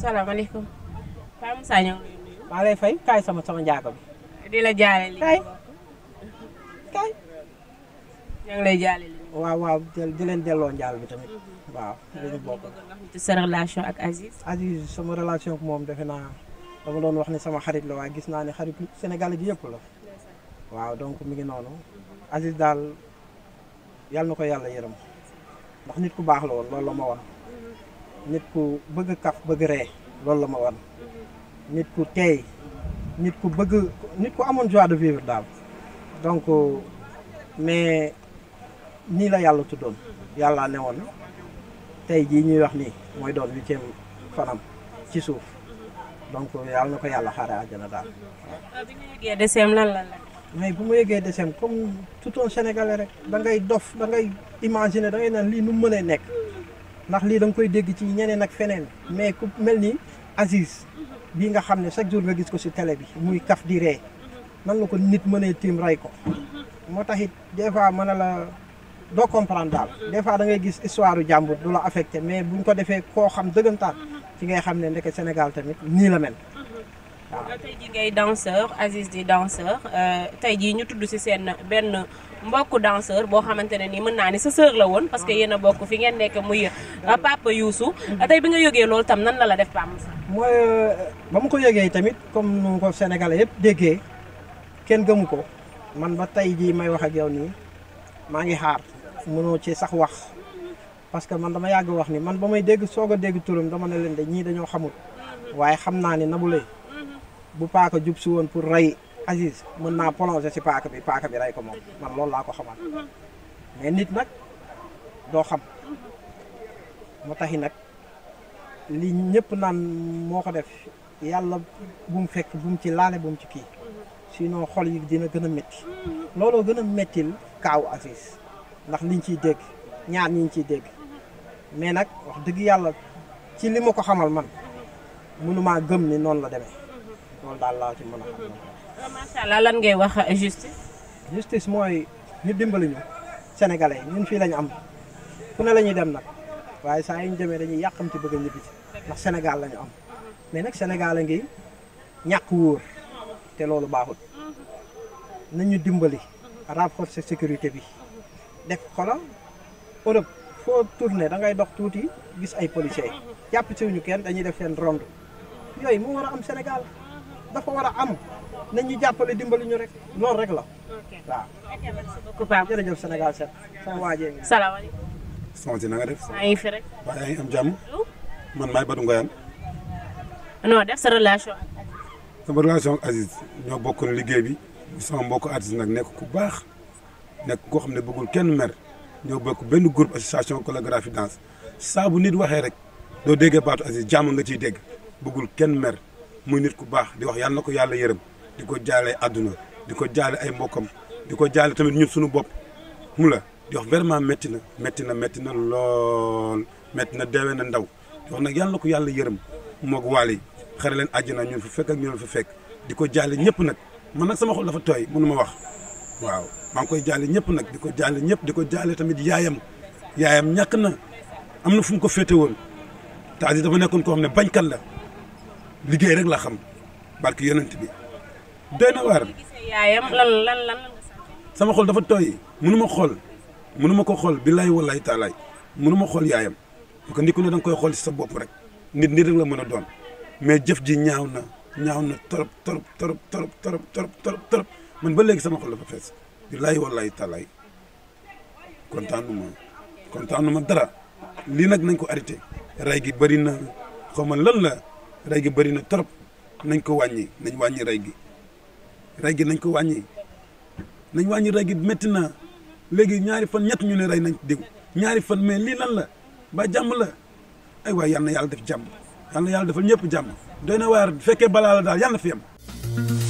salaamaaleykum. Paa Moussa ñoo ngi lay nuyu. fay kaay sama sama njaago bi. di la jaale li kaay kaay. ñoo ngi lay jaale li waaw waaw di leen delloo njaal bi tamit. waaw li ñu bokk. ci sa relation ak Aziz. Aziz sama relation moom defe naa dama doon wax ne sama xarit la waaye gis naa ni xarit Sénégal gi yëpp la. waaw donc mi ngi noonu. Aziz daal yàlla na ko yàlla yërëm ndax nit ku baax la woon loolu la ma wax. nit ku bëgg kaf bëgg ree loolu la ma wan nit ku teey nit ku bëgg nit ku amoon joie de vivre daal donc mais nii la yàlla tuddoon yàllaa ne woon tey jii ñuy wax nii mooy doon huitième fanam ci suuf donc yàlla na ko yàlla xaare àjjana daal ah, bi la mais bu ma yëgee deseem comme tout un sénégalais rek da ngay dof da ngay imaginer da ngay naan lii nu mu mënee nekk ndax lii da nga koy dégg ci ñeneen ak feneen mais ku mel ni Aziz bii nga xam ne chaque jour nga gis ko si télé bi muy kaf di ree nan la ko nit mënee tiim rey ko moo tax it des fois mën na la doo comprendre daal des fois dangay gis histoire jàmbur du la affecté mais buñ ko defee koo xam dëggantaan ci ngay xam ne ndeke Sénégal tamit nii la mel tey jii ngay danseur di danseur euh, tey jii ñu tudd ci seen benn mbokku danseur boo xamante ne nii mën naa ni sa sœur la que yéen a bokk fi ngeen nekk muy euh, Papa Youssou. Mm-hmm. tey bi nga yëgee loolu tam nan la la def Pape Moussa. Euh, ba mu ko yëgee tamit comme nu ko Sénégalais yëpp déggee kenn gëmu ko man ba tey jii may wax ak yow nii maa ngi xaar mënoo ci sax wax parce que man dama yàgg wax ni man ba may dégg soog a dégg turam dama ne leen de dañoo xamul mm-hmm. waaye xam naa ne Nabou Leye bu paaka jub si woon pour rey Aziz mën naa plonger si paaka bi paaka bi ray ko moom man loolu laa ko xamal mhm. mais nit nag doo xam moo taxi nag li ñëpp naan moo ko def yàlla bu fekk bum ci laale bu mu ci kii mhm. sinon xol yi dina gën a métti mhm. looloo gën a méttil kaaw Aziz ndax liñ ciy dégg ñaar ñiñ ciy dégg mais nag wax dëgg yàlla ci li ma ko xamal man mënumaa gëm ni noonu la demee loolu daal la ci mën a xam. macha lan ngay wax justice. justice mooy ñu dimbali ñu sénégalais ñun fii lañu am fu ne la dem nag waaye saa yu ñu demee dañuy yàqamti bëgg a ñibbi ndax Sénégal lañu am mais nag Sénégal a ngi ñàkk wóor te loolu baaxul nañu dimbali renforcer sécurité bi def xoolal Europe foo tourné dangay dox tuuti gis ay policiers jàpp si ñu kenn dañuy def seen ronde yooyu moo war a am Sénégal. dafa war a am na ñu jàppale dimbali ñu rek loolu rek la. ok set sama waa jee. salaamaaleykum. si na def. maa ngi am jàmm. man maay Badou def sa relation. sama relation ak Aziz ñoo bokkoon liggéey bi sama mbokk artiste nag nekk ku baax nekk koo xam ne bëggul kenn mer ñoo bokk benn groupe association chorégraphie danse saa bu nit waxee rek doo déggee baatu Aziz jàmm nga ciy dégg bëggul kenn mer. muy nit ku baax di wax yàlla na ko yàlla yërëm di ko jaale àdduna di ko jaale ay mbokkam di ko jaale tamit ñun suñu bopp mu la di wax vraiment métti na métti na métti na lool métti na na ndaw di nag yàlla ko yàlla yërëm moog waal xare leen àjjana ñun fa fekk ak ñun fa fekk di ko jaale ñëpp nag man nag sama xol dafa tooy mënu ma wax waaw maa ngi koy jaale ñëpp nag di ko jaale ñëpp di ko jaale tamit yaayam yaayam ñàkk na am na fu ko féete woon c'est-à-dire dafa nekkoon ko xam ne bañkat la liggéey rek la xam barke yonent bi doy na waar. yaayam lan sama xol dafa tooy mënuma xool mënuma ko xool billaay wallaay taalaay mënuma xool yaayam parce que nit ku ne da koy xool si sa bopp rek nit nit rek la mën a doon mais jëf ji ñaaw na ñaaw na torop torop torop torop torop torop torop torop man ba léegi sama xol dafa fees billaay wallaay taalaay kontaanuma kontaanuma dara lii nag nañ ko arrêté rey gi bari na xaw ma lan la. rey gi bëri na trop nañ ko wàññi nañ wàññi rey gi rey gi nañ ko wàññi nañ wàññi rey gi métti na léegi ñaari fan ñett ñu ne rey nañ diw ñaari fan mais lii lan la ba jàmm la ay waay yal na def jàmm yal na yàlla defal ñëpp jàmm doy na waar fekkee balaa la daal yal na fi yem